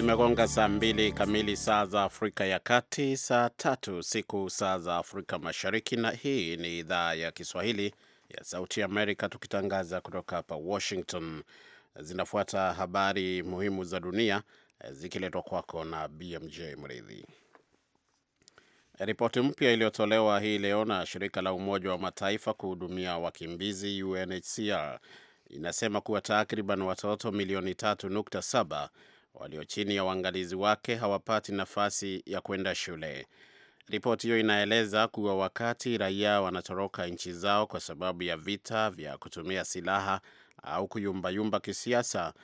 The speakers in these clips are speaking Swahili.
Zimegonga saa mbili kamili saa za Afrika ya Kati, saa tatu siku saa za Afrika Mashariki. Na hii ni idhaa ya Kiswahili ya Sauti ya Amerika, tukitangaza kutoka hapa Washington. Zinafuata habari muhimu za dunia zikiletwa kwako na BMJ Mridhi. Ripoti mpya iliyotolewa hii leo na shirika la Umoja wa Mataifa kuhudumia wakimbizi UNHCR inasema kuwa takriban watoto milioni 3.7 walio chini ya uangalizi wake hawapati nafasi ya kwenda shule. Ripoti hiyo inaeleza kuwa wakati raia wanatoroka nchi zao kwa sababu ya vita vya kutumia silaha au kuyumbayumba kisiasa,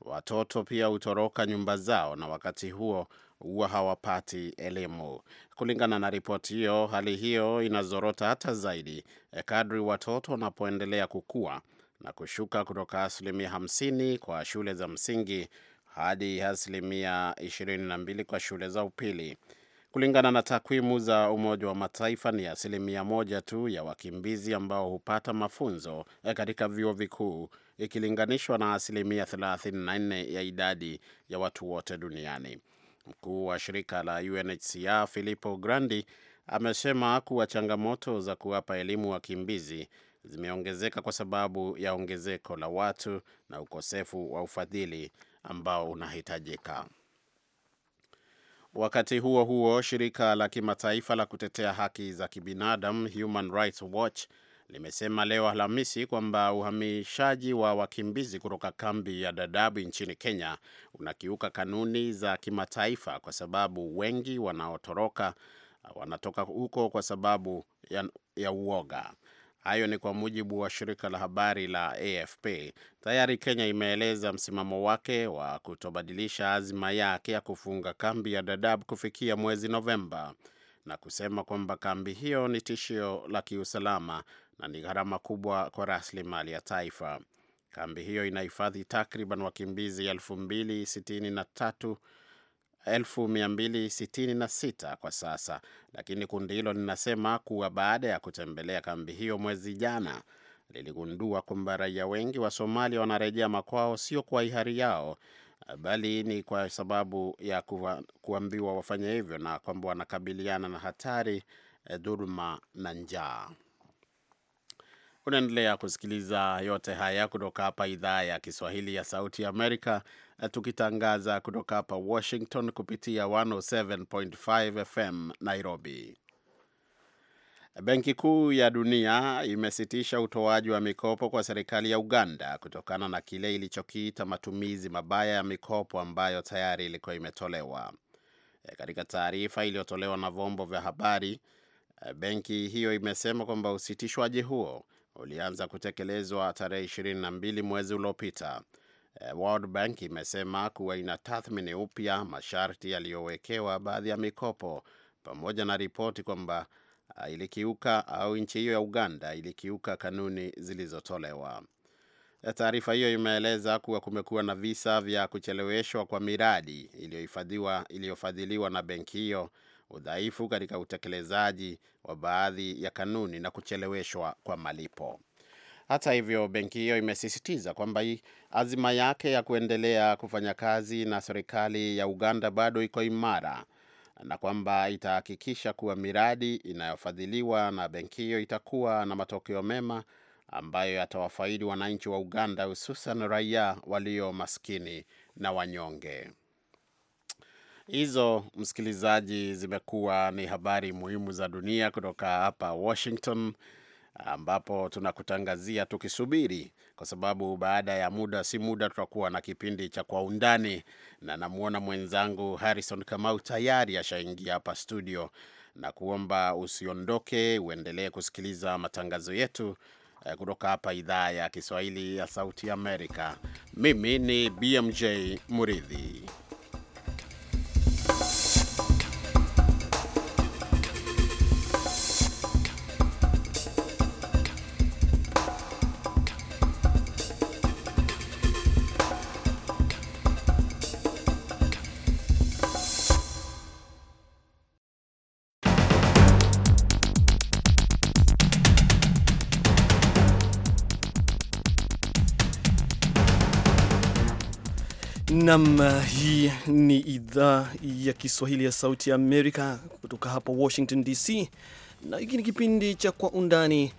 watoto pia hutoroka nyumba zao na wakati huo huwa hawapati elimu. Kulingana na ripoti hiyo, hali hiyo inazorota hata zaidi e, kadri watoto wanapoendelea kukua na kushuka kutoka asilimia 50 kwa shule za msingi hadi asilimia 22 kwa shule za upili. Kulingana na takwimu za Umoja wa Mataifa, ni asilimia moja tu ya wakimbizi ambao hupata mafunzo e, katika vyuo vikuu ikilinganishwa na asilimia 34 ya idadi ya watu wote duniani. Mkuu wa shirika la UNHCR Filippo Grandi amesema kuwa changamoto za kuwapa elimu wakimbizi zimeongezeka kwa sababu ya ongezeko la watu na ukosefu wa ufadhili ambao unahitajika. Wakati huo huo, shirika la kimataifa la kutetea haki za kibinadamu Human Rights Watch limesema leo Alhamisi kwamba uhamishaji wa wakimbizi kutoka kambi ya Dadaab nchini Kenya unakiuka kanuni za kimataifa kwa sababu wengi wanaotoroka wanatoka huko kwa sababu ya, ya uoga. Hayo ni kwa mujibu wa shirika la habari la AFP. Tayari Kenya imeeleza msimamo wake wa kutobadilisha azima yake ya kufunga kambi ya Dadaab kufikia mwezi Novemba na kusema kwamba kambi hiyo ni tishio la kiusalama na ni gharama kubwa kwa rasilimali ya taifa. Kambi hiyo inahifadhi takriban wakimbizi elfu mbili sitini na tatu 266 kwa sasa, lakini kundi hilo linasema kuwa baada ya kutembelea kambi hiyo mwezi jana liligundua kwamba raia wengi wa Somalia wanarejea makwao sio kwa hiari yao, bali ni kwa sababu ya kuambiwa wafanye hivyo na kwamba wanakabiliana na hatari, eh, dhuluma na njaa. Unaendelea kusikiliza yote haya kutoka hapa idhaa ya Kiswahili ya Sauti ya Amerika, eh, tukitangaza kutoka hapa Washington kupitia 107.5 FM Nairobi. Benki Kuu ya Dunia imesitisha utoaji wa mikopo kwa serikali ya Uganda kutokana na kile ilichokiita matumizi mabaya ya mikopo ambayo tayari ilikuwa imetolewa. Eh, katika taarifa iliyotolewa na vyombo vya habari, eh, benki hiyo imesema kwamba usitishwaji huo ulianza kutekelezwa tarehe ishirini na mbili mwezi uliopita. E, World Bank imesema kuwa inatathmini upya masharti yaliyowekewa baadhi ya mikopo pamoja na ripoti kwamba ilikiuka au nchi hiyo ya Uganda ilikiuka kanuni zilizotolewa. E, taarifa hiyo imeeleza kuwa kumekuwa na visa vya kucheleweshwa kwa miradi iliyofadhiliwa na benki hiyo udhaifu katika utekelezaji wa baadhi ya kanuni na kucheleweshwa kwa malipo. Hata hivyo, benki hiyo imesisitiza kwamba azima yake ya kuendelea kufanya kazi na serikali ya Uganda bado iko imara na kwamba itahakikisha kuwa miradi inayofadhiliwa na benki hiyo itakuwa na matokeo mema ambayo yatawafaidi wananchi wa Uganda, hususan raia walio maskini na wanyonge. Hizo msikilizaji, zimekuwa ni habari muhimu za dunia kutoka hapa Washington, ambapo tunakutangazia tukisubiri, kwa sababu baada ya muda si muda tutakuwa na kipindi cha Kwa Undani, na namwona mwenzangu Harrison Kamau tayari ashaingia hapa studio, na kuomba usiondoke, uendelee kusikiliza matangazo yetu eh, kutoka hapa idhaa ya Kiswahili ya Sauti Amerika. Mimi ni BMJ Muridhi. Nam, hii ni idhaa ya Kiswahili ya Sauti ya Amerika kutoka hapa Washington DC, na hiki ni kipindi cha Kwa Undani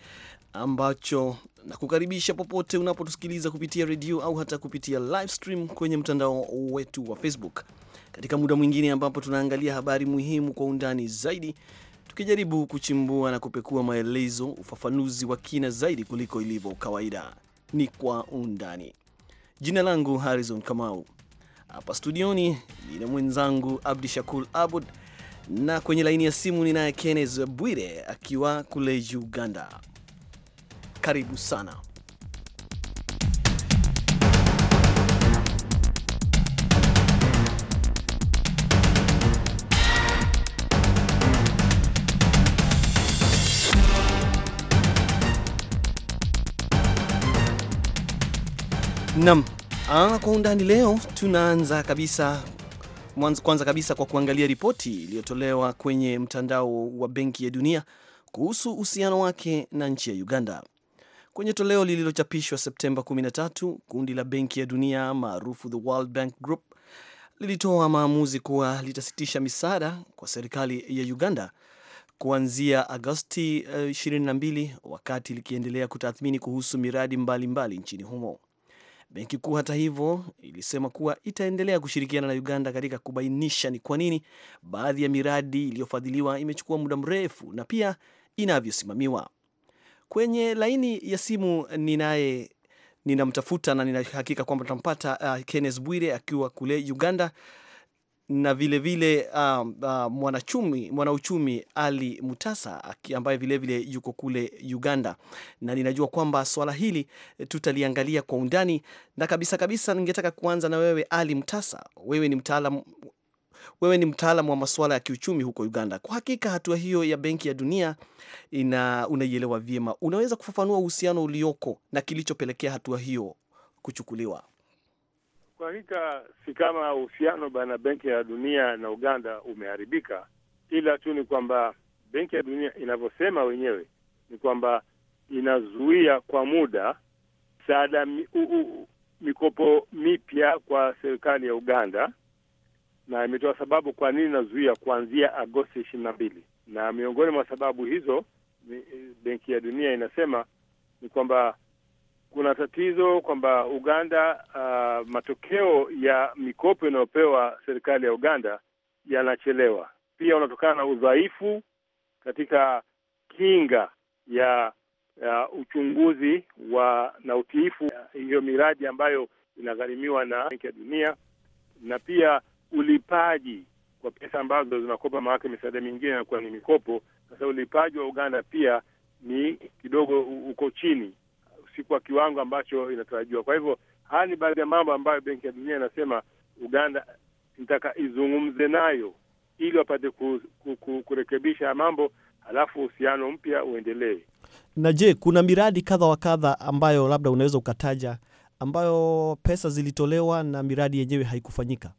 ambacho nakukaribisha popote unapotusikiliza kupitia redio au hata kupitia live stream kwenye mtandao wetu wa Facebook, katika muda mwingine ambapo tunaangalia habari muhimu kwa undani zaidi, tukijaribu kuchimbua na kupekua maelezo, ufafanuzi wa kina zaidi kuliko ilivyo kawaida. Ni Kwa Undani. Jina langu Harrison Kamau. Hapa studioni nina mwenzangu Abdi Shakur Abud na kwenye laini ya simu ninaye Kenneth Bwire akiwa kule Uganda. Karibu sana. Nam, Ah, kwa undani leo tunaanza kabisa mwanzo, kwanza kabisa kwa kuangalia ripoti iliyotolewa kwenye mtandao wa Benki ya Dunia kuhusu uhusiano wake na nchi ya Uganda. Kwenye toleo lililochapishwa Septemba 13, kundi la Benki ya Dunia maarufu the World Bank Group lilitoa maamuzi kuwa litasitisha misaada kwa serikali ya Uganda kuanzia Agosti 22 eh, wakati likiendelea kutathmini kuhusu miradi mbalimbali mbali nchini humo. Benki Kuu hata hivyo ilisema kuwa itaendelea kushirikiana na Uganda katika kubainisha ni kwa nini baadhi ya miradi iliyofadhiliwa imechukua muda mrefu na pia inavyosimamiwa. Kwenye laini ya simu ninaye ninamtafuta na ninahakika kwamba tampata uh, Kenneth Bwire akiwa kule Uganda na vilevile uh, um, uh, mwanachumi mwanauchumi Ali Mutasa ambaye vilevile vile yuko kule Uganda, na ninajua kwamba swala hili eh, tutaliangalia kwa undani na kabisa kabisa. Ningetaka kuanza na wewe Ali Mutasa, wewe ni mtaalam wewe ni mtaalamu wa masuala ya kiuchumi huko Uganda. Kwa hakika hatua hiyo ya Benki ya Dunia ina unaielewa vyema, unaweza kufafanua uhusiano ulioko na kilichopelekea hatua hiyo kuchukuliwa? Kwa hakika si kama uhusiano baina Benki ya Dunia na Uganda umeharibika, ila tu ni kwamba Benki ya Dunia inavyosema wenyewe ni kwamba inazuia kwa muda msaada mikopo mipya kwa serikali ya Uganda, na imetoa sababu kwa nini inazuia kuanzia Agosti ishirini na mbili, na miongoni mwa sababu hizo eh, Benki ya Dunia inasema ni kwamba kuna tatizo kwamba Uganda uh, matokeo ya mikopo inayopewa serikali ya Uganda yanachelewa, pia unatokana na udhaifu katika kinga ya, ya uh, uchunguzi wa na utiifu hiyo miradi ambayo inagharimiwa na Benki ya Dunia na pia ulipaji kwa pesa ambazo zinakopa, maanake misaada mingine inakuwa ni mikopo. Sasa ulipaji wa Uganda pia ni kidogo uko chini si kwa kiwango ambacho inatarajiwa. Kwa hivyo haya ni baadhi ya mambo ambayo Benki ya Dunia inasema Uganda inataka izungumze nayo ili wapate ku, ku, ku, kurekebisha ya mambo, halafu uhusiano mpya uendelee. Na je, kuna miradi kadha wa kadha ambayo labda unaweza ukataja ambayo pesa zilitolewa na miradi yenyewe haikufanyika?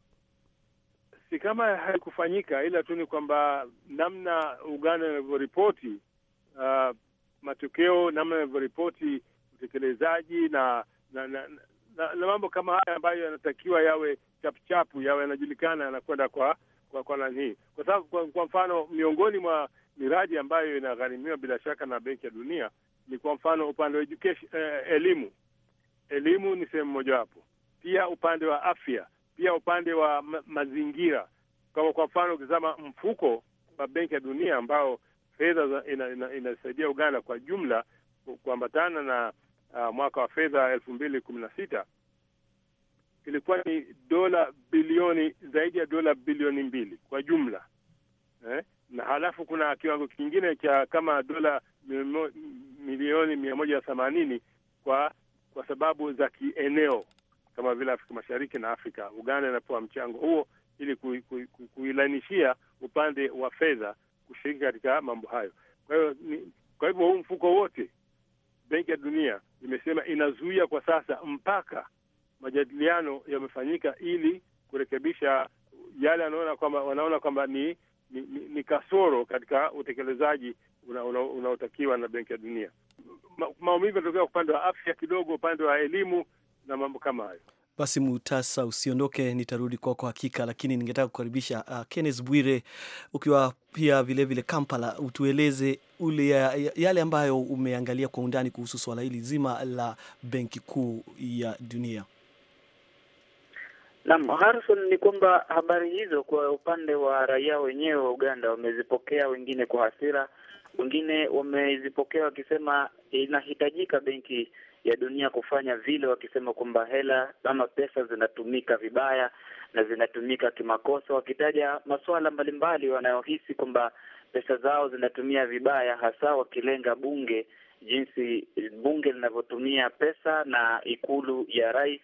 Si kama haikufanyika, ila tu ni kwamba namna Uganda inavyoripoti uh, matokeo, namna inavyoripoti utekelezaji na na, na, na na mambo kama haya ambayo yanatakiwa yawe chapuchapu, yawe yanajulikana, yanakwenda kwa kwa kwa nani, kwa sababu kwa, kwa mfano miongoni mwa miradi ambayo inagharimiwa bila shaka na Benki ya Dunia ni kwa mfano upande wa education, eh, elimu. Elimu ni sehemu mojawapo, pia upande wa afya, pia upande wa ma mazingira. Kama kwa mfano ukizama mfuko wa Benki ya Dunia ambao fedha inasaidia ina, ina Uganda kwa jumla kuambatana na uh, mwaka wa fedha elfu mbili kumi na sita ilikuwa ni dola bilioni zaidi ya dola bilioni mbili kwa jumla eh? na halafu kuna kiwango kingine cha kama dola milioni mia moja themanini kwa kwa sababu za kieneo kama vile Afrika Mashariki na Afrika. Uganda inapewa mchango huo ili kuilainishia upande wa fedha kushiriki katika mambo hayo. Kwa hiyo, kwa hivyo huu mfuko wote Benki ya Dunia imesema inazuia kwa sasa mpaka majadiliano yamefanyika ili kurekebisha yale anaona kwamba wanaona kwamba ni, ni, ni kasoro katika utekelezaji unaotakiwa una, una na Benki ya Dunia. Ma, maumivu yanatokea upande wa afya kidogo, upande wa elimu na mambo kama hayo. Basi Mutasa, usiondoke, nitarudi kwako kwa hakika, lakini ningetaka kukaribisha uh, Kenneth Bwire ukiwa pia vilevile vile Kampala, utueleze ule yale ambayo umeangalia kwa undani kuhusu swala hili zima la Benki Kuu ya Dunia. Naam, Harrison, ni kwamba habari hizo kwa upande wa raia wenyewe wa Uganda wamezipokea, wengine kwa hasira, wengine wamezipokea wakisema inahitajika benki ya dunia kufanya vile, wakisema kwamba hela ama pesa zinatumika vibaya na zinatumika kimakosa, wakitaja masuala mbalimbali wanayohisi kwamba pesa zao zinatumia vibaya, hasa wakilenga bunge, jinsi bunge linavyotumia pesa na ikulu ya rais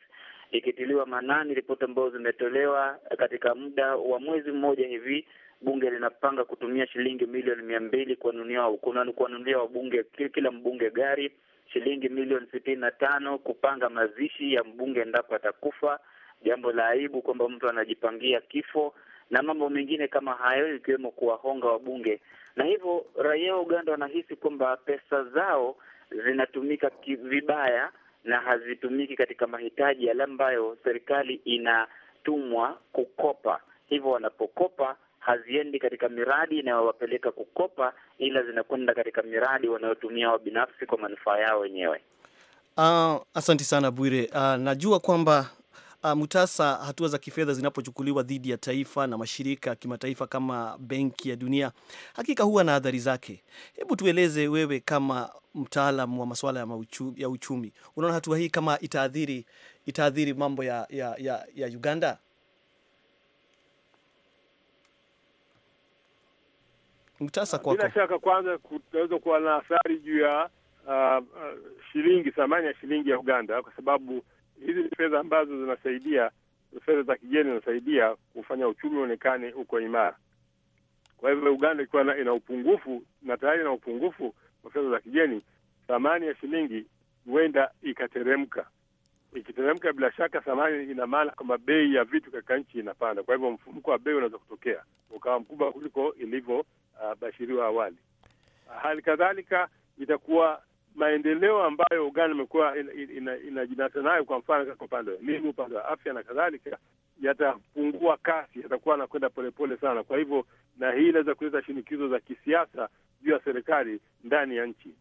ikitiliwa maanani ripoti ambazo zimetolewa katika muda wa mwezi mmoja hivi, bunge linapanga kutumia shilingi milioni mia mbili kuwanunulia wabunge kila mbunge gari shilingi milioni sitini na tano kupanga mazishi ya mbunge endapo atakufa, jambo la aibu kwamba mtu anajipangia kifo na mambo mengine kama hayo, ikiwemo kuwahonga wabunge. Na hivyo raia wa Uganda wanahisi kwamba pesa zao zinatumika vibaya na hazitumiki katika mahitaji yale ambayo serikali inatumwa kukopa. Hivyo wanapokopa haziendi katika miradi inayowapeleka kukopa, ila zinakwenda katika miradi wanayotumia wa binafsi kwa manufaa yao wenyewe. Uh, ah, asanti sana Bwire. Uh, najua kwamba Uh, Mutasa, hatua za kifedha zinapochukuliwa dhidi ya taifa na mashirika ya kimataifa kama Benki ya Dunia hakika huwa na adhari zake. Hebu tueleze wewe, kama mtaalam wa masuala ya, mauchu, ya uchumi, unaona hatua hii kama itaadhiri itaadhiri mambo ya, ya, ya, ya Uganda? mtasa ah, kwako. Bila shaka, kwanza kunaweza kuwa na athari juu ya uh, shilingi, thamani ya shilingi ya Uganda, kwa sababu hizi ni fedha ambazo zinasaidia, fedha za kigeni zinasaidia kufanya uchumi uonekane uko imara. Kwa hivyo Uganda ikiwa ina upungufu na tayari ina upungufu wa fedha za kigeni, thamani ya shilingi huenda ikateremka. Ikiteremka, bila shaka thamani, ina maana kwamba bei ya vitu katika nchi inapanda. Kwa hivyo mfumko wa bei unaweza kutokea ukawa mkubwa kuliko ilivyo Uh, bashiriwa awali. Uh, hali kadhalika itakuwa maendeleo ambayo Uganda imekuwa inajinasa nayo, kwa mfano katika upande wa elimu, upande wa afya na kadhalika, yatapungua kasi, yatakuwa anakwenda polepole sana. Kwa hivyo, na hii inaweza kuleta shinikizo za kisiasa juu ya serikali ndani ya nchi,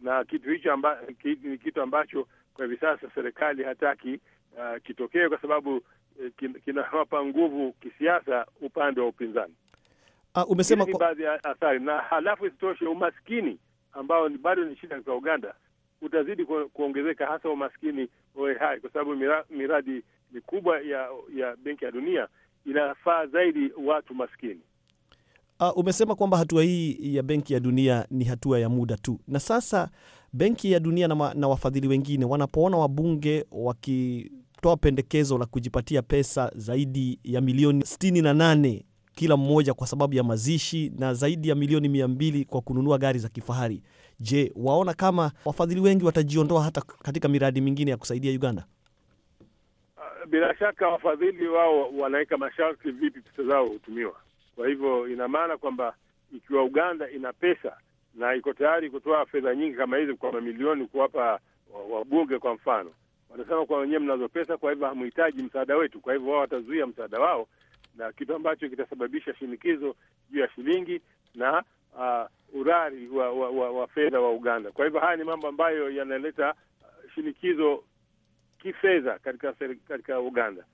na kitu hicho amba, ni kitu ambacho kwa hivi sasa serikali hataki uh, kitokee, kwa sababu eh, kinawapa nguvu kisiasa upande wa upinzani. Uh, umesema kwa... baadhi ya athari na halafu isitoshe umaskini ambao bado ni shida katika Uganda utazidi kuongezeka, hasa umaskini hai, kwa sababu miradi mikubwa ya ya Benki ya Dunia inafaa zaidi watu maskini. Uh, umesema kwamba hatua hii ya Benki ya Dunia ni hatua ya muda tu, na sasa Benki ya Dunia na, ma, na wafadhili wengine wanapoona wabunge wakitoa pendekezo la kujipatia pesa zaidi ya milioni sitini na nane kila mmoja kwa sababu ya mazishi na zaidi ya milioni mia mbili kwa kununua gari za kifahari. Je, waona kama wafadhili wengi watajiondoa hata katika miradi mingine ya kusaidia Uganda? Ah, bila shaka wafadhili wao wanaweka masharti vipi pesa zao hutumiwa. Kwa hivyo ina maana kwamba ikiwa Uganda ina pesa na iko tayari kutoa fedha nyingi kama hizi kwa mamilioni kuwapa wabunge, kwa mfano, wanasema kwa wenyewe mnazo pesa, kwa hivyo hamhitaji msaada wetu. Kwa hivyo wao watazuia msaada wao na kitu ambacho kitasababisha shinikizo juu ya shilingi na uh, urari wa, wa, wa, wa fedha wa Uganda. Kwa hivyo haya ni mambo ambayo yanaleta uh, shinikizo kifedha katika katika Uganda,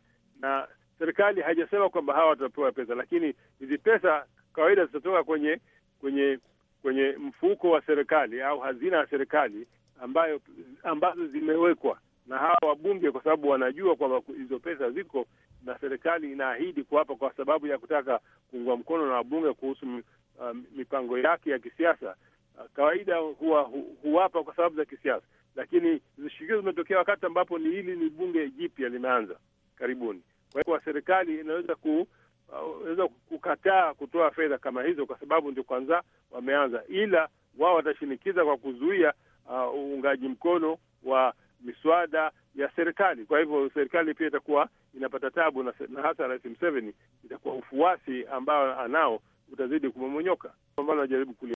na serikali haijasema kwamba hawa watapewa pesa, lakini hizi pesa kawaida zitatoka kwenye kwenye kwenye mfuko wa serikali au hazina ya serikali ambayo ambazo zimewekwa na hawa wabunge, kwa sababu wanajua kwamba hizo pesa ziko na serikali inaahidi kuwapa kwa sababu ya kutaka kuungwa mkono na wabunge kuhusu uh, mipango yake ya kisiasa. Uh, kawaida huwa hu, huwapa kwa sababu za kisiasa, lakini zishikio zimetokea wakati ambapo ni hili ni bunge jipya limeanza karibuni. Kwa hiyo serikali inaweza ku uh, weza kukataa kutoa fedha kama hizo kwa sababu ndio kwanza wameanza, ila wao watashinikiza kwa kuzuia uh, uungaji uh, mkono wa miswada ya serikali. Kwa hivyo serikali pia itakuwa inapata tabu na, na hasa Rais Mseveni itakuwa ufuasi ambao anao utazidi kumomonyoka, ambalo anajaribu kuli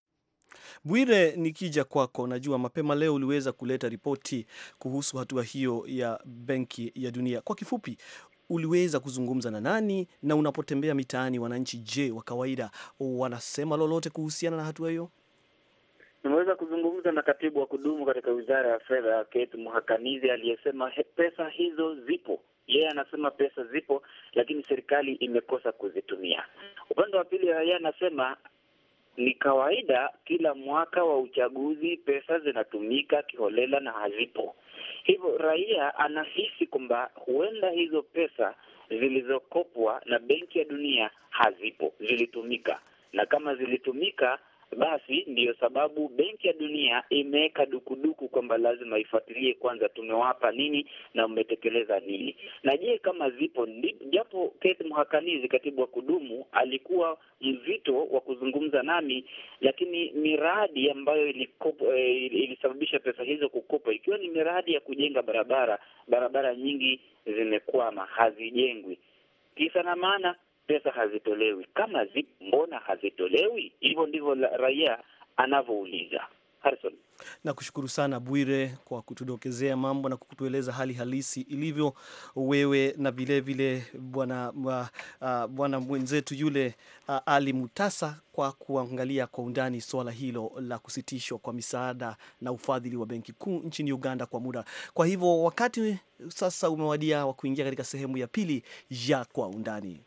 Bwire, nikija kwako, najua mapema leo uliweza kuleta ripoti kuhusu hatua hiyo ya Benki ya Dunia. Kwa kifupi, uliweza kuzungumza na nani? Na unapotembea mitaani, wananchi je, wa kawaida wanasema lolote kuhusiana na hatua hiyo? Nimeweza kuzungumza na katibu wa kudumu katika wizara ya fedha Kate Muhakanizi aliyesema pesa hizo zipo. Yeye anasema pesa zipo, lakini serikali imekosa kuzitumia. Upande wa pili, yeye anasema ni kawaida kila mwaka wa uchaguzi pesa zinatumika kiholela na hazipo. Hivyo raia anahisi kwamba huenda hizo pesa zilizokopwa na Benki ya Dunia hazipo, zilitumika, na kama zilitumika basi ndiyo sababu Benki ya Dunia imeweka dukuduku kwamba lazima ifuatilie kwanza, tumewapa nini na umetekeleza nini. Na je, kama zipo japo Keith mhakanizi katibu wa kudumu, alikuwa mzito wa kuzungumza nami, lakini miradi ambayo ilikopo, eh, ilisababisha pesa hizo kukopa ikiwa ni miradi ya kujenga barabara, barabara nyingi zimekwama, hazijengwi. Kisa na maana pesa hazitolewi. Kama zipo, mbona hazitolewi? Hivyo ndivyo raia anavyouliza. Harrison, nakushukuru sana Bwire kwa kutudokezea mambo na kutueleza hali halisi ilivyo wewe na vilevile bwana uh, bwana mwenzetu yule uh, Ali Mutasa kwa kuangalia kwa undani swala hilo la kusitishwa kwa misaada na ufadhili wa benki kuu nchini Uganda kwa muda. Kwa hivyo wakati sasa umewadia wa kuingia katika sehemu ya pili ya kwa undani.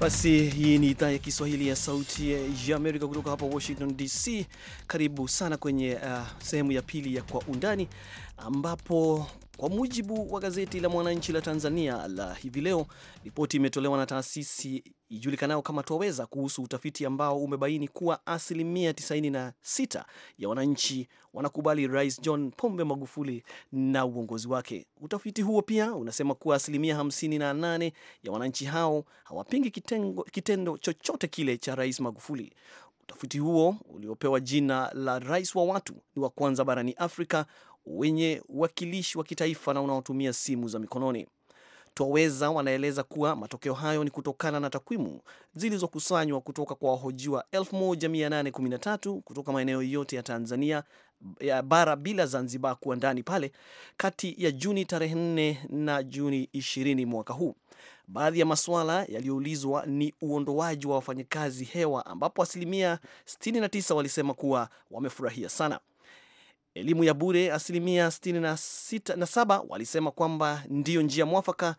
Basi hii ni idhaa ya Kiswahili ya Sauti ya Amerika kutoka hapa Washington DC. Karibu sana kwenye uh, sehemu ya pili ya Kwa Undani, ambapo kwa mujibu wa gazeti la Mwananchi la Tanzania la hivi leo, ripoti imetolewa na taasisi ijulikanayo kama Twaweza kuhusu utafiti ambao umebaini kuwa asilimia 96 ya wananchi wanakubali Rais John Pombe Magufuli na uongozi wake. Utafiti huo pia unasema kuwa asilimia 58 ya wananchi hao hawapingi kitengo, kitendo chochote kile cha Rais Magufuli. Utafiti huo uliopewa jina la Rais wa Watu ni wa kwanza barani Afrika wenye uwakilishi wa kitaifa na unaotumia simu za mikononi. Twaweza wanaeleza kuwa matokeo hayo ni kutokana na takwimu zilizokusanywa kutoka kwa wahojiwa 1813 kutoka maeneo yote ya Tanzania ya bara bila Zanzibar kuwa ndani pale kati ya Juni tarehe 4 na Juni 20 mwaka huu. Baadhi ya masuala yaliyoulizwa ni uondoaji wa wafanyakazi hewa, ambapo asilimia 69 walisema kuwa wamefurahia sana elimu ya bure, asilimia 67 walisema kwamba ndiyo njia mwafaka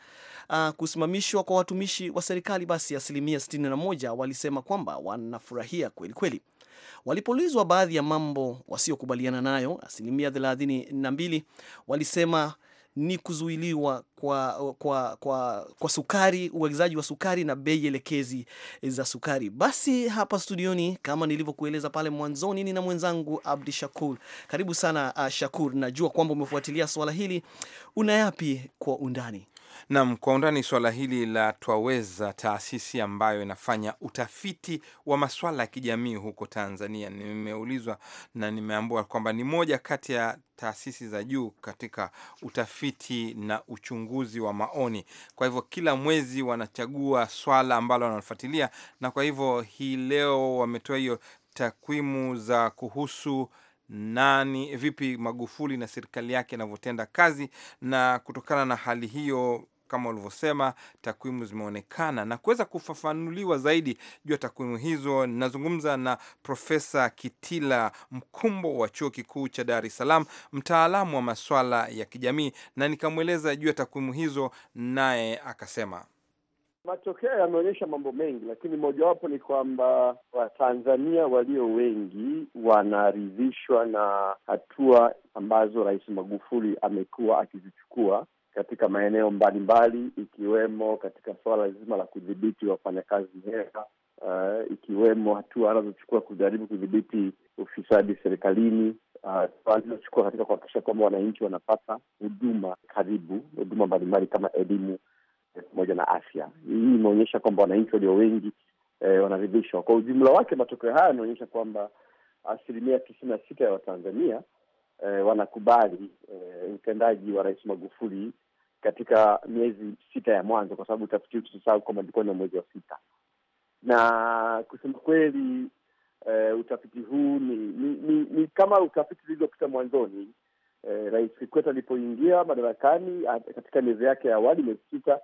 uh, kusimamishwa kwa watumishi wa serikali. Basi asilimia 61 walisema kwamba wanafurahia kweli kweli. Walipoulizwa baadhi ya mambo wasiokubaliana nayo, asilimia 32 walisema ni kuzuiliwa kwa, kwa, kwa, kwa sukari, uwegezaji wa sukari na bei elekezi za sukari. Basi hapa studioni kama nilivyokueleza pale mwanzoni, nina mwenzangu Abdi Shakur. Karibu sana uh, Shakur, najua kwamba umefuatilia swala hili, una yapi kwa undani? Nam, kwa undani suala hili la Twaweza, taasisi ambayo inafanya utafiti wa maswala ya kijamii huko Tanzania. Nimeulizwa na nimeambua kwamba ni moja kati ya taasisi za juu katika utafiti na uchunguzi wa maoni. Kwa hivyo kila mwezi wanachagua swala ambalo wanafuatilia na kwa hivyo hii leo wametoa hiyo takwimu za kuhusu nani vipi Magufuli na serikali yake inavyotenda kazi, na kutokana na hali hiyo kama ulivyosema takwimu zimeonekana na kuweza kufafanuliwa zaidi juu ya takwimu hizo. Nazungumza na Profesa Kitila Mkumbo wa Chuo Kikuu cha Dar es Salaam, mtaalamu wa maswala ya kijamii, na nikamweleza juu ya takwimu hizo, naye akasema Matokeo yameonyesha mambo mengi, lakini mojawapo ni kwamba Watanzania walio wengi wanaridhishwa na hatua ambazo Rais Magufuli amekuwa akizichukua katika maeneo mbalimbali, ikiwemo katika suala zima la kudhibiti wafanyakazi hewa uh, ikiwemo hatua anazochukua kujaribu kudhibiti ufisadi serikalini alizochukua uh, katika kuhakikisha kwamba wananchi wanapata huduma karibu, huduma mbalimbali kama elimu pamoja na afya. Hii imeonyesha kwamba wananchi walio wengi e, wanaridhishwa kwa ujumla wake. Matokeo haya yanaonyesha kwamba asilimia tisini na sita ya Watanzania e, wanakubali e, utendaji wa Rais Magufuli katika miezi sita ya mwanzo, kwa sababu utafiti huu tusisahau kwamba ilikuwa ni mwezi wa sita, na kusema kweli e, utafiti huu ni ni, ni ni kama utafiti zilizopita mwanzoni. e, Rais Kikwete alipoingia madarakani katika miezi yake ya awali, miezi sita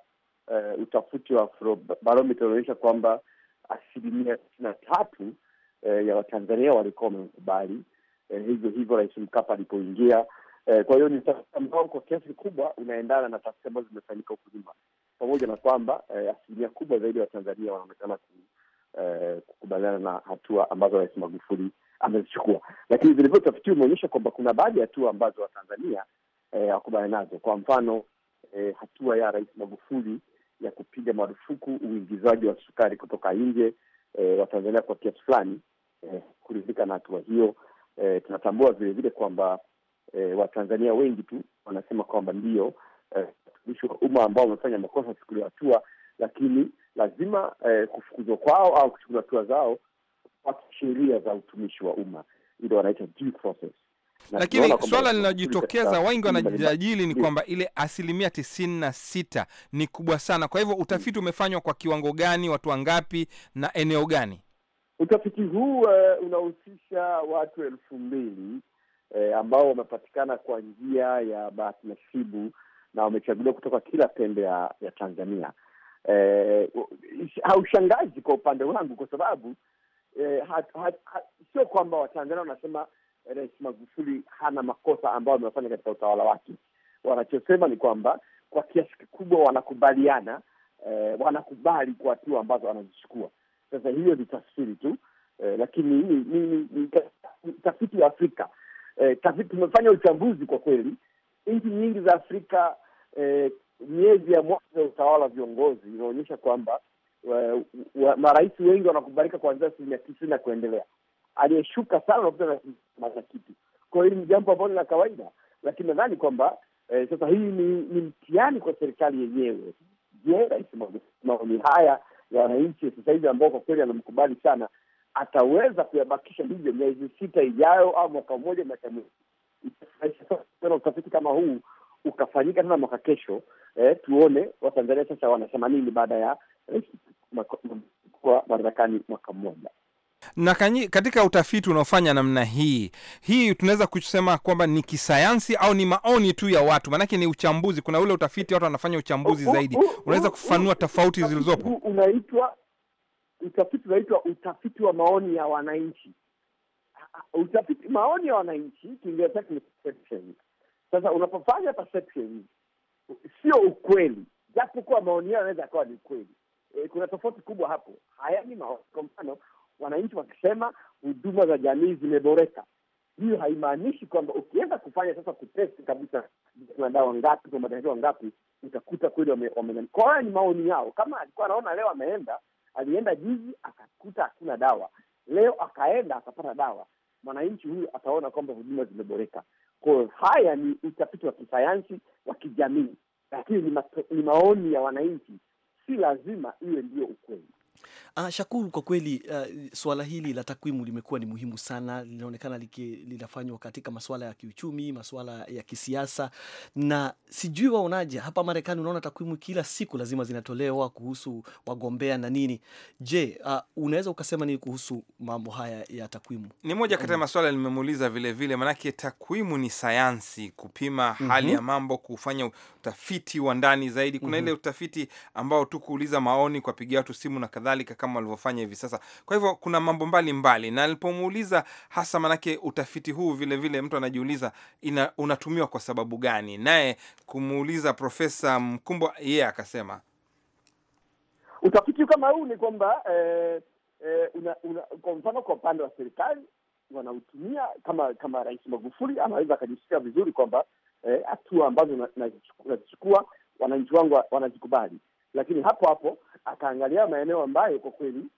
uh, utafiti wa Afrobarometer unaonyesha kwamba asilimia tisini na tatu uh, ya Watanzania walikuwa wamekubali uh, hivyo hivyo Rais Mkapa alipoingia. Uh, kwa hiyo ni utafiti ambao kwa kiasi kikubwa unaendana na tafiti ambazo zimefanyika huku nyuma, pamoja na kwamba uh, asilimia kubwa zaidi ya Watanzania wanaonekana ku Uh, kukubaliana na hatua ambazo Rais Magufuli amezichukua, lakini vilevile utafiti umeonyesha kwamba kuna baadhi ya hatua ambazo Watanzania hawakubaliana eh, nazo. Kwa mfano eh, hatua ya Rais Magufuli ya kupiga marufuku uingizaji wa sukari kutoka nje e, eh, tanzania kwa kiasi fulani e, kuridhika na hatua hiyo. E, tunatambua vilevile kwamba e, Watanzania wengi tu wanasema kwamba ndio watumishi e, wa umma ambao wamefanya makosa wachukuliwa hatua, lakini lazima e, kufukuzwa kwao au kuchukuliwa hatua zao sheria za utumishi wa umma, ile wanaita due process lakini swala linajitokeza wengi wanajadili ni kwamba ile asilimia tisini na sita ni kubwa sana. Kwa hivyo utafiti umefanywa kwa kiwango gani, watu wangapi na eneo gani? Utafiti huu uh, unahusisha watu elfu mbili eh, ambao wamepatikana kwa njia ya bahati nasibu na wamechaguliwa kutoka kila pembe ya, ya Tanzania. Eh, haushangazi kwa upande wangu kwa sababu eh, sio kwamba Watanzania wanasema Rais Magufuli hana makosa ambayo amefanya katika utawala wake. Wanachosema ni kwamba kwa kiasi kikubwa wanakubaliana eh, wanakubali kwa hatua ambazo anazichukua. Sasa hiyo ni tafsiri tu eh, lakini ni, ni, ni, ni, ni tafiti ya Afrika eh, tafiti, tumefanya uchambuzi kwa kweli nchi nyingi za Afrika eh, miezi ya mwanzo ya utawala wa viongozi inaonyesha kwamba eh, marais wengi wanakubalika kuanzia asilimia tisini na kuendelea. Aliyeshuka sana unakuta kupata kitu. Kwa hiyo ni jambo ambalo la kawaida, lakini nadhani kwamba eh, sasa hii ni, ni mtihani kwa serikali yenyewe. Je, Rais maoni haya ya wananchi sasa hivi ambao kwa kweli anamkubali sana ataweza kuyabakisha hivyo miezi sita ijayo au mwaka mmoja miaka Utafiti kama huu ukafanyika tena mwaka kesho eh, tuone Watanzania sasa wanasema nini baada ya rais kuwa madarakani mwaka mmoja. Na kanyi, katika utafiti unaofanya namna hii hii tunaweza kusema kwamba ni kisayansi au ni maoni tu ya watu? Maanake ni uchambuzi, kuna ule utafiti watu wanafanya uchambuzi oh, oh, zaidi. Oh, Unaweza kufanua tofauti zilizopo? Unaitwa utafiti, unaitwa utafiti wa maoni ya wananchi. Utafiti maoni ya wananchi, Kiingereza ni perception. Sasa unapofanya perception, sio ukweli, japokuwa maoni yao anaweza akawa ni ukweli E, eh, kuna tofauti kubwa hapo. Haya ni maoni, kwa mfano wananchi wakisema huduma za jamii zimeboreka. Hiyo haimaanishi kwamba ukienda kufanya sasa kutesti kabisa kuna dawa ngapi kwa matatizo ngapi, utakuta kweli wame. Kwa haya ni maoni yao. Kama alikuwa anaona leo ameenda, alienda juzi akakuta hakuna dawa, leo akaenda akapata dawa, mwananchi huyu ataona kwamba huduma zimeboreka. Kwa hiyo haya ni utafiti wa kisayansi wa kijamii, lakini ni, ni maoni ya wananchi, si lazima iwe ndiyo ukweli. Uh, Shakuru, kwa kweli uh, ah, suala hili la takwimu limekuwa ni muhimu sana, linaonekana linafanywa katika masuala ya kiuchumi, masuala ya kisiasa, na sijui waonaje hapa Marekani. Unaona takwimu kila siku lazima zinatolewa kuhusu wagombea na nini. Je, uh, unaweza ukasema nini kuhusu mambo haya ya takwimu? Ni moja kati ya mm-hmm. masuala limemuuliza vilevile, maanake takwimu ni sayansi, kupima mm-hmm. hali mm -hmm. ya mambo, kufanya utafiti wa ndani zaidi. Kuna mm -hmm. ile utafiti ambao tu kuuliza maoni, pigia watu simu na kadhalika kadhalika kama walivyofanya hivi sasa. Kwa hivyo kuna mambo mbalimbali, na alipomuuliza hasa, manake utafiti huu vilevile vile, mtu anajiuliza ina, unatumiwa kwa sababu gani, naye kumuuliza Profesa Mkumbwa yeye yeah, akasema utafiti kama huu ni kwamba eh, eh, una, una, kwa mfano kwa upande wa serikali wanautumia kama kama Rais Magufuli anaweza akajisikia vizuri kwamba eh, hatua eh, ambazo nazichukua wananchi wangu wanazikubali lakini hapo hapo akaangalia maeneo ambayo kwa kweli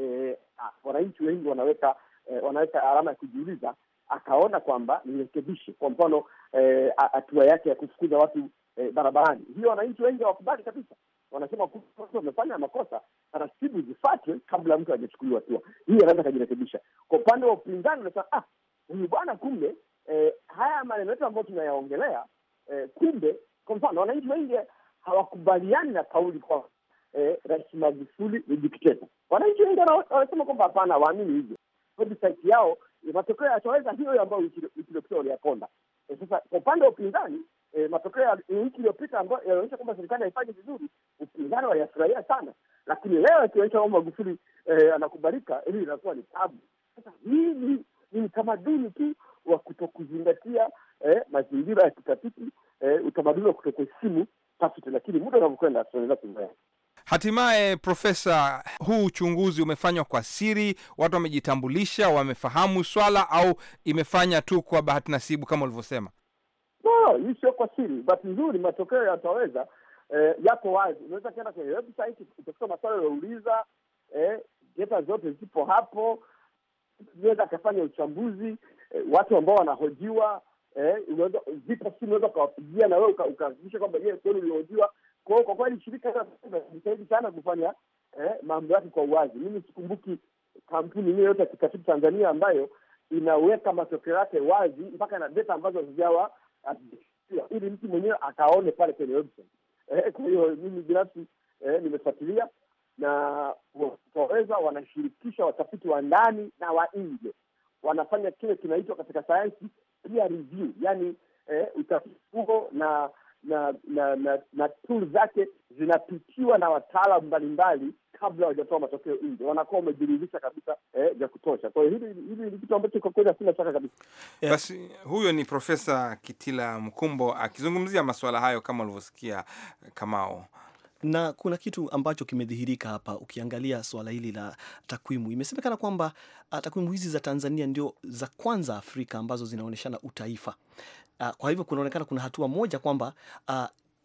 e, wananchi wengi wanaweka e, wanaweka alama ya kujiuliza, akaona kwamba nirekebishe. Kwa mfano e, hatua e, yake ya kufukuza watu e, barabarani, hiyo wananchi wengi hawakubali kabisa, wanasema wamefanya makosa, taratibu zifatwe kabla mtu hajachukuliwa hatua. Hii anaweza akajirekebisha. Kwa upande wa upinzani unasema ah, huyu bwana kumbe, e, haya maneno yetu ambayo tunayaongelea, e, kumbe kwa mfano wananchi wengi hawakubaliani na kauli kwa eh, Rais Magufuli ni dikteta. Wananchi wengi wanasema kwamba hapana, waamini hivyo website yao eh, matokeo yataweza hiyo ambayo wiki iliyopita waliyaponda. Eh, sasa kwa upande wa upinzani eh, matokeo ya wiki iliyopita ambayo yanaonyesha kwamba serikali haifanyi vizuri, upinzani waliyafurahia sana, lakini leo akionyesha kwamba Magufuli eh, anakubalika, hili eh, linakuwa ni tabu. Sasa hii ni utamaduni tu wa kutokuzingatia eh, mazingira ya kitafiti eh, utamaduni wa kutokuheshimu tafiti, lakini muda unavyokwenda tunaendelea kuzoea. Hatimaye, Profesa, huu uchunguzi umefanywa kwa siri, watu wamejitambulisha, wamefahamu swala, au imefanya tu kwa bahati nasibu kama ulivyosema? No, hii sio kwa siri. Bahati nzuri matokeo yataweza eh, yako wazi. Unaweza kenda kwenye website utakuta maswali unauliza, eh, data zote zipo hapo, unaweza akafanya uchambuzi eh, watu ambao wanahojiwa eh, unaweza zipo simu unaweza ukawapigia na wewe ukahakikisha kwamba je, kweli uliohojiwa. Kwa kwa kweli shirika inajitahidi sana kufanya eh, mambo yake kwa uwazi. Mimi sikumbuki kampuni hiyo yote ya kikatibu Tanzania ambayo inaweka matokeo yake wazi mpaka na data ambazo hazijawa ili mtu mwenyewe akaone pale kwenye website. Eh, kwa hiyo mimi binafsi eh, nimefuatilia na wakaweza wanashirikisha watafiti wa ndani na wa nje, wanafanya kile kinaitwa katika sayansi peer review, yani eh, utafiti huo na na na, na, na tool zake zinapitiwa na wataalamu mbalimbali kabla hawajatoa matokeo nje, wanakuwa wamejiridhisha kabisa eh, kutosha. Kwa hiyo hili ni kitu ambacho kwa kweli hasina shaka kabisa. Yeah. Basi huyo ni Profesa Kitila Mkumbo akizungumzia masuala hayo kama ulivyosikia eh, Kamao na kuna kitu ambacho kimedhihirika hapa. Ukiangalia swala hili la takwimu, imesemekana kwamba ah, takwimu hizi za Tanzania ndio za kwanza Afrika ambazo zinaonyeshana utaifa. Ah, kwa hivyo kunaonekana kuna hatua moja kwamba uh,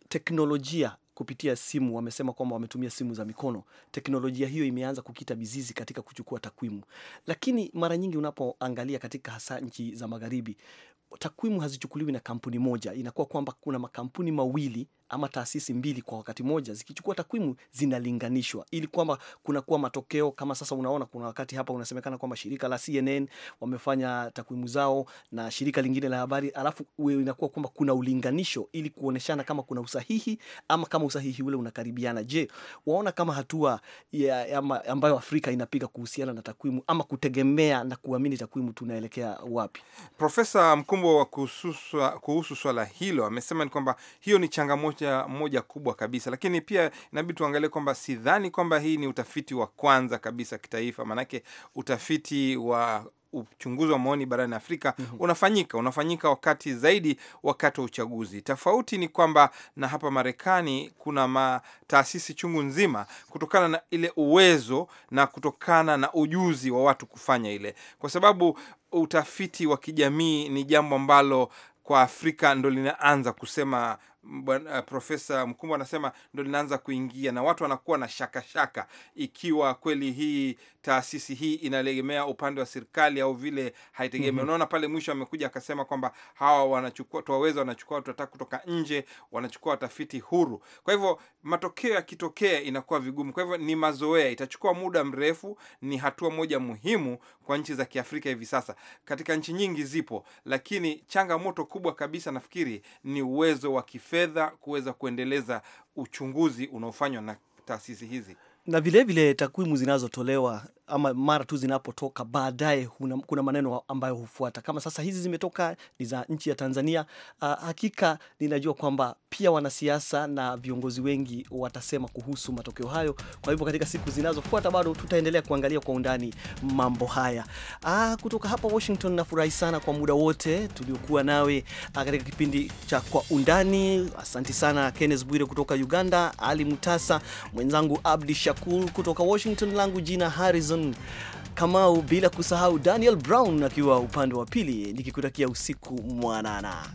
teknolojia kupitia simu wamesema kwamba wametumia simu za mikono. Teknolojia hiyo imeanza kukita mizizi katika kuchukua takwimu, lakini mara nyingi unapoangalia katika hasa nchi za magharibi takwimu hazichukuliwi na kampuni moja, inakuwa kwamba kuna makampuni mawili ama taasisi mbili kwa wakati moja zikichukua takwimu zinalinganishwa, ili kwamba kunakuwa matokeo kama sasa. Unaona, kuna wakati hapa unasemekana kwamba shirika la CNN wamefanya takwimu zao na shirika lingine la habari, alafu inakuwa kwamba kuna ulinganisho ili kuoneshana kama kuna usahihi ama kama usahihi ule unakaribiana. Je, waona kama hatua ya, ambayo Afrika inapiga kuhusiana na takwimu ama kutegemea na kuamini takwimu, tunaelekea wapi? Profesa Mkumbo wa kuhusu swala hilo amesema ni kwamba hiyo ni changamoto hoja moja kubwa kabisa, lakini pia inabidi tuangalie kwamba sidhani kwamba hii ni utafiti wa kwanza kabisa kitaifa, maanake utafiti wa uchunguzi wa maoni barani Afrika mm -hmm. unafanyika unafanyika wakati zaidi wakati wa uchaguzi. Tofauti ni kwamba na hapa Marekani kuna taasisi chungu nzima, kutokana na ile uwezo na kutokana na ujuzi wa watu kufanya ile, kwa sababu utafiti wa kijamii ni jambo ambalo kwa Afrika ndo linaanza kusema uh, Profesa Mkumbo anasema ndo linaanza kuingia na watu wanakuwa na shakashaka shaka, ikiwa kweli hii taasisi hii inategemea upande wa serikali au vile haitegemea mm -hmm. Unaona pale mwisho amekuja akasema kwamba hawa wanachukua tuwaweza, wanachukua watu wataka kutoka nje, wanachukua watafiti huru. Kwa hivyo matokeo yakitokea inakuwa vigumu. Kwa hivyo ni mazoea, itachukua muda mrefu. Ni hatua moja muhimu kwa nchi za Kiafrika hivi sasa, katika nchi nyingi zipo, lakini changamoto kubwa kabisa nafikiri ni uwezo wa kifedha fedha kuweza kuendeleza uchunguzi unaofanywa na taasisi hizi na vilevile takwimu zinazotolewa ama mara tu zinapotoka baadaye kuna maneno ambayo hufuata. Kama sasa hizi zimetoka ni za nchi ya Tanzania. Uh, hakika ninajua kwamba pia wanasiasa na viongozi wengi watasema kuhusu matokeo hayo. Kwa hivyo katika siku zinazofuata bado tutaendelea kuangalia kwa undani mambo haya. Uh, kutoka hapa Washington, nafurahi sana kwa muda wote tuliokuwa nawe uh, katika kipindi cha kwa undani. Asanti sana Kenneth Bwire kutoka Uganda, Ali Mutasa mwenzangu, Abdi Shakur kutoka Washington, langu jina Harrison Harrison Kamau, bila kusahau Daniel Brown akiwa upande wa pili, nikikutakia usiku mwanana.